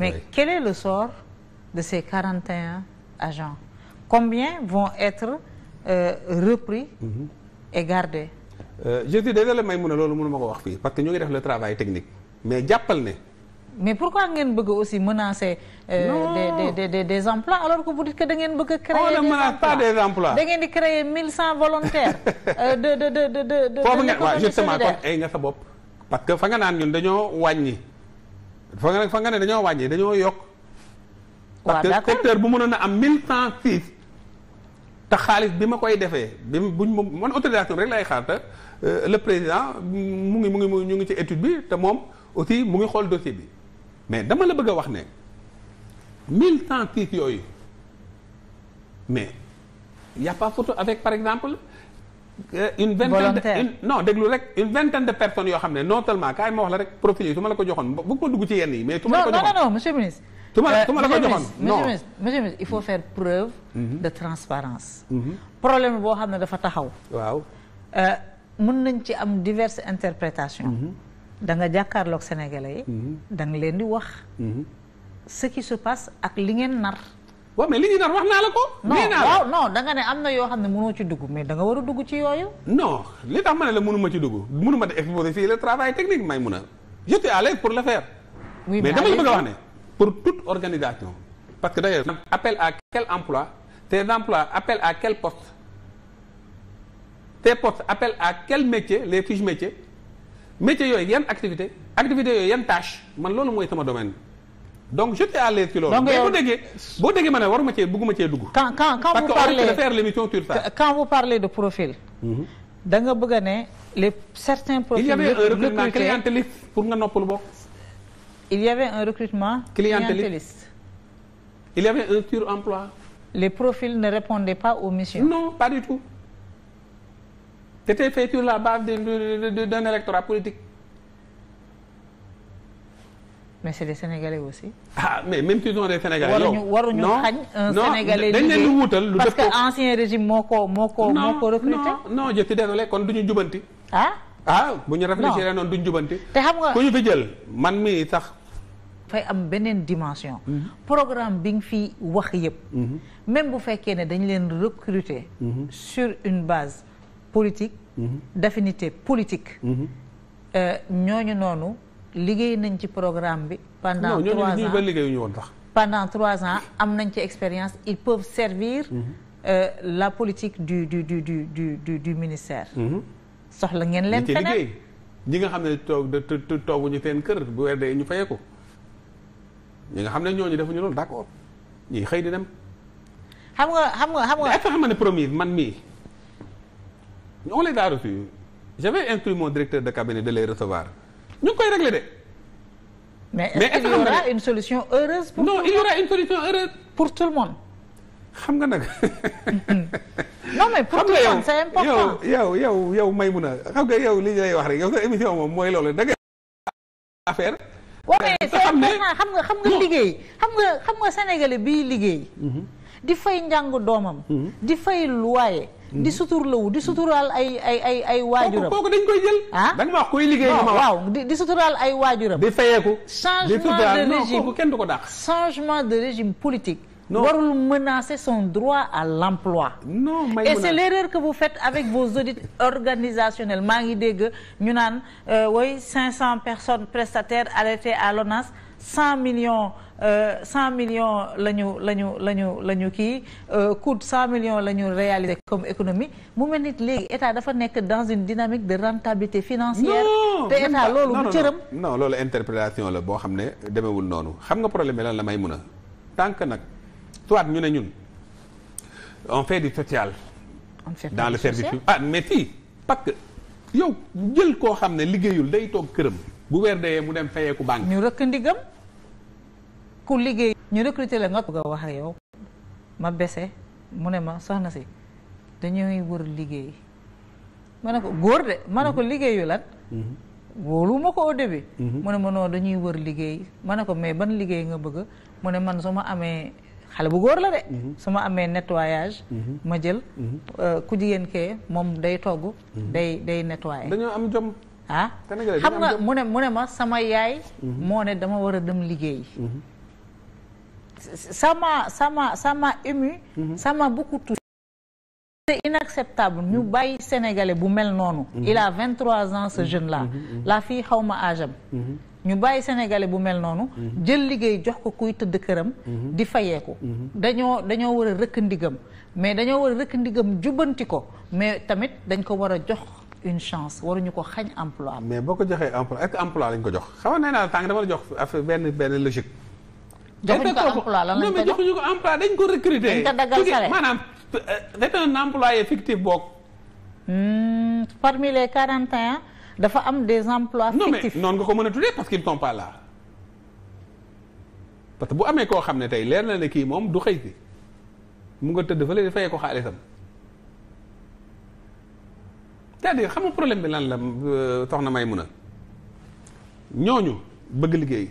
mais oui. le sort de ces 41 agents combien vont être euh, repris mm -hmm. et gardés euh, je dis désolé may mun a loolu mënu ma ko wax fii parce que ñu ngi def le travail technique mais jàppal ne mais pourquoi ngeen bëgg aussi menacer. Euh, non des des des des emplois alors que vous dites que da ngeen bëgg a. créer on ne menace pas des emplois da ngeen di créer 1100 volontaires. Euh, de de de de de de. foofu nga waaw justement kon ay nga sa bopp. parce que fa nga naan ñun dañoo wàññi. fa nga ne fa nga ne dañoo wàññee dañoo yokk. waaw d'accord parce que secteur bu mënoon a am mille cent six. te xaalis bi ma koy defee bi buñ ma man autorisation rek lay xaar te euh, le président mu ngi mu ngi mu ngi ci étude bi te moom aussi mu ngi xool dossier bi mais dama la bëgg a wax ne mille cent six yooyu mais y' a avec par exemple Euh, une vingtaine de no non déglu rek une vingtaine de personnes yoo xam ne non seulement kaay ma wax la rek profil yi su ma la ko joxoon bëgg ma dugg ci yenn yi mais su ma la ko joxoon non non monsieur ministre su euh, ma la ko joxoon non monsieur ministre monsieur ministre il faut faire preuve mhm. de transparence mhm. problème boo xam ne dafa taxaw waaw euh, mën nañ ci am diverses interprétations mhm. da nga jàkkaarloog sénégalais yi da nga leen di wax ce qui se passe ak li ngeen nar waaw mais li ñu nar wax naa la ko. nee naa waaw non da ne am na yoo xam ne mënoo ci dugg mais danga war a dugg ci yooyu. non li tax ma ne la mënu ci dugg munuma ma di exposer fii le travail technique may mun a j'étais à l'aise pour le faire. oui mais dama la bëgg a wax ne pour toute organisation. parce que d'ailleurs appel à quel emploi tes emplois appel à quel poste tes postes appel à quel métier les fiches métiers métiers yooyu yan activité activités yooyu yan tâche man loolu mooy sama domaine. donc j'étais à l'aise ci loolu. donc boo déggee boo déggee ma ne waruma cee bëgguma cee dugg. quand quand quand vous parlez parce que faire l'émission sur ça. quand vous parlez de profil. Mhm. da nga bëgg a ne les certains profils. il y avait un clientéliste pour nga noppalu bokk. il y avait un recrutement. clientéliste il y avait un suremploi. les profils ne répondaient pas au missions. non pas du tout. c'était fait sur la base d'un électorat politique. mais c'est des Sénégalais aussi. Ah, mais même si sont des Sénégalais. yow waruñu waruñu xañ un Sénégalais dañ leen di lu def ko parce que ancien régime moo ko moo ko moo ko recruté. non non je suis désolé kon ah ah bu ñu réfléchir noonu duñu jubanti. te xam nga ku ñu fi jël man mii sax. fay am beneen dimension. Mhm. programme bi nga fi wax yëpp. Mhm. même bu fekkee ne dañ leen recruter. Mhm. sur une base politique. d'affinité politique. Euh, ñooñu noonu. liggéey nañ ci programme bi. pendant non, trois ans woon tax. pendant trois ans am nañ ci expérience il peuvent servir. Mm -hmm. la politique du du du du du du, du ministère. Mhm. soxla ngeen leen feneen ñi nga xam ne toog tooguñu seen kër bu weer dee ñu fayee ko ñi nga xam ne ñooñu defuñu loolu d'accord ñi xëy di dem. xam nga xam nga xam nga. est-ce que xam nga ne promise man mii on les a reçus j'avais instruit directeur de cabinet de les recevoir. ñu koy réglé de. mais est-ce qu'il y aura une heureuse. pour non monde. xam nga nag. non mais pour tout monde c'est important yow yow yow yow Maïmouna xam nga yow li wax rek yow sa émission moom mooy loolu da ngay affaire. waaw mais c'est xam nga xam nga liggéey xam nga xam nga sénégalais biy liggéey. Mhm. di fay njàngu doomam. Mhm. di fay loyer. Mm-hmm. di suturlawu di suturaal ay ay ay ay waajuram kooku dañ koy jël ah dañ ma wax kuy liggéey ma wax waaw di suturaal ay waajuram di fayeeku changement de régime kenn du ko dàq changement de régime politique warul menacer son droit à l'emploi non et c'est l'erreur que vous faites avec vos audits organisationnels maa ngi dégg ñu naan woy euh, cinq cent personnes prestataires arrêtées à l'ONAS cent millions euh, cent millions la ñu la ñu la ñu la ñu kii euh, coûte cent million la ñu réaliser comme économie mu mel nit léegi état dafa nekk dans une dynamique de rentabilité financière te état loolu bu cëram non loolu interprétation la boo xam ne demewul noonu xam nga problème bi la may mun a tant que nag soit ñu ne ñun on fait du social dans le service public ah mais fii parce que yow jël koo xam ne liggéeyul day toog këram bu weer dayee mu dem fayeeku banque ñu rëkk ndigam ku liggéey ñu recruter la nga bëgg a wax ak yow ma bese mu ne ma soxna si dañuy wër liggéey ma ne ko góor de ma ne ko mhm. liggéeyu lan mhm. wóolu ma ko au début mhm. ne ma non dañuy wër liggéey ma ne ko mais ban liggéey nga bëgg mu ne man su ma amee xale bu góor la de su ma amee nettoyage ma jël euh, ku jigéen kee moom day togg day day nettoyer dañoo am jom ah xam nga mu ne mu ne ma sama yaay moo ne dama war a dem liggéey sama sama ça mhm. mhm. mhm. m'a ça m'a ému. ça m'a inacceptable ñu bàyyi sénégalais bu mel noonu. il a 23 ans ce jeune la fii xaw ma âge ñu bàyyi sénégalais bu mel noonu. jël liggéey jox ko kuy tëdd këram. di fayeeku dañoo dañoo war a rëkk ndigam mais dañoo war a rëkk ndigam jubbanti ko mais tamit dañ ko war a jox une chance ñu ko xañ emploi mais boo ko joxee emploi est emploi lañ ko jox xam nga nee naa tàng dama la jox benn benn logique. joxuñu ko emploi lan jox non ko emploi dañ ko recruter. dañ ko daggal salaire maanaam c'est un employé fictif boog. Hmm, parmi les 41 dafa am des emplois fictifs. non mais noonu nga ko mën a tuddee parce qu'ils ne sont que bu amee koo xam ne tey leer na ne kii moom du xëy si mu nga tëdd fële di fayee ko xaalisam c'est-à-dire xam nga problème bi lan la euh, soxna may a ñooñu bëgg liggéey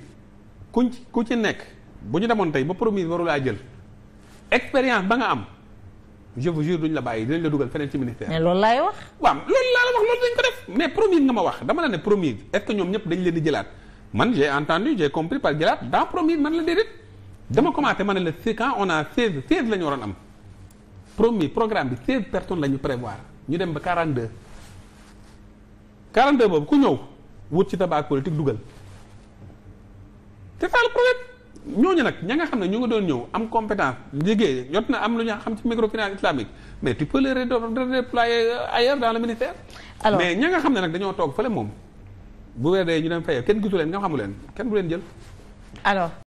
kuñ ku ci nekk. bu ñu demoon tey ba promise waru laa jël expérience ba nga am je vous jure duñ la bàyyi dinañ la dugal feneen ci ministère. mais loolu laay wax. waaw loolu laa la wax loolu dañ ko def mais promise nga ma wax dama la ne promise est ce que ñoom ñëpp dañ leen di jëlaat man j'ai entendu j'ai compris par jëlaat dans promise man la déedéet dama commencé man ne la c'est quand on a 16 16 la ñu waroon am promis programme bi 16 personnes la ñu prévoir ñu dem ba 42 42 boobu ku ñëw wut ci tabac politique dugal ñooñu nag ña nga xam ne ñu nga doon ñëw am compétence liggéey jot na am lu ñu xam ci microfinance islamique mais tu peux les redéployer ailleurs dans le ministère. alors mais ña nga xam ne nag dañoo toog fële moom bu weer dee ñu dem fayal kenn gisu leen nga xamu leen kenn du leen jël. alors.